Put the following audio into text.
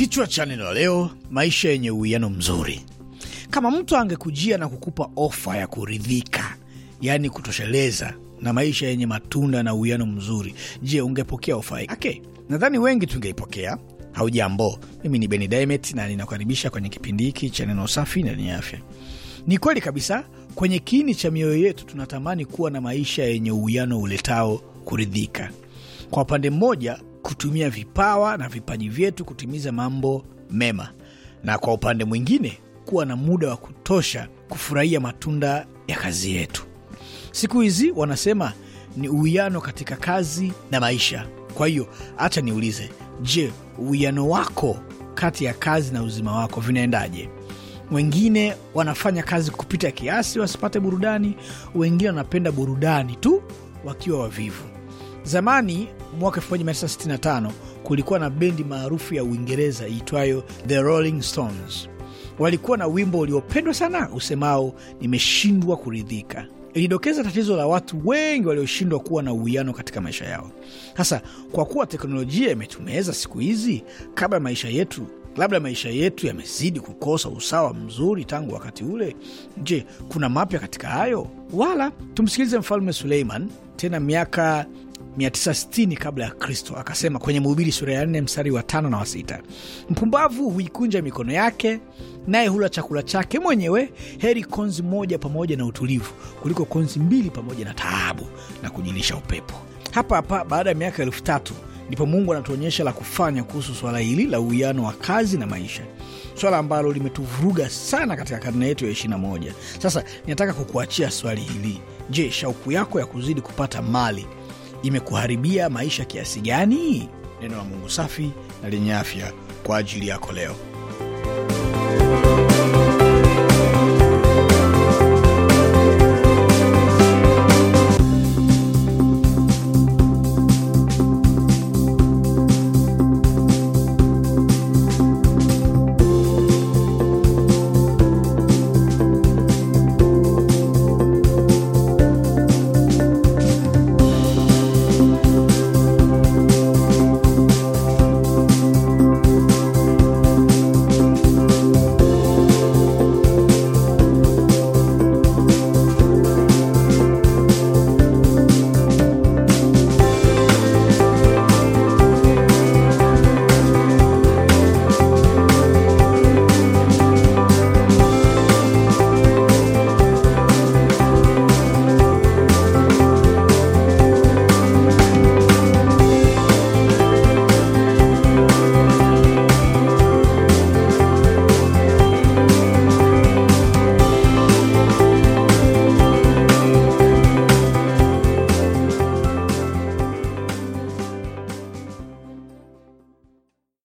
Kichwa cha neno la leo: maisha yenye uwiano mzuri. Kama mtu angekujia na kukupa ofa ya kuridhika, yaani kutosheleza, na maisha yenye matunda na uwiano mzuri, je, ungepokea ofa yake? Okay. Nadhani wengi tungeipokea. Haujambo, mimi ni Beni Dimet na ninakaribisha kwenye kipindi hiki cha neno safi na lenye afya. Ni kweli kabisa, kwenye kiini cha mioyo yetu tunatamani kuwa na maisha yenye uwiano uletao kuridhika. Kwa upande mmoja kutumia vipawa na vipaji vyetu kutimiza mambo mema, na kwa upande mwingine kuwa na muda wa kutosha kufurahia matunda ya kazi yetu. Siku hizi wanasema ni uwiano katika kazi na maisha. Kwa hiyo hacha niulize, je, uwiano wako kati ya kazi na uzima wako vinaendaje? Wengine wanafanya kazi kupita kiasi wasipate burudani, wengine wanapenda burudani tu wakiwa wavivu. Zamani mwaka 1965 kulikuwa na bendi maarufu ya Uingereza iitwayo The Rolling Stones. Walikuwa na wimbo uliopendwa sana usemao nimeshindwa kuridhika. Ilidokeza tatizo la watu wengi walioshindwa kuwa na uwiano katika maisha yao. Sasa kwa kuwa teknolojia imetumeweza siku hizi, kabla maisha yetu labda maisha yetu yamezidi kukosa usawa mzuri tangu wakati ule. Je, kuna mapya katika hayo? Wala tumsikilize Mfalme Suleiman tena miaka 960 kabla ya Kristo, akasema kwenye Mhubiri sura ya 4 mstari wa tano na wa sita, mpumbavu huikunja mikono yake, naye hula chakula chake mwenyewe. Heri konzi moja pamoja na utulivu kuliko konzi mbili pamoja na taabu na kujilisha upepo. Hapa hapa baada ya miaka elfu tatu ndipo Mungu anatuonyesha la kufanya kuhusu swala hili la uwiano wa kazi na maisha, swala ambalo limetuvuruga sana katika karne yetu ya 21. Sasa ninataka kukuachia swali hili. Je, shauku yako ya kuzidi kupata mali imekuharibia maisha kiasi gani? Neno la Mungu safi na lenye afya kwa ajili yako leo.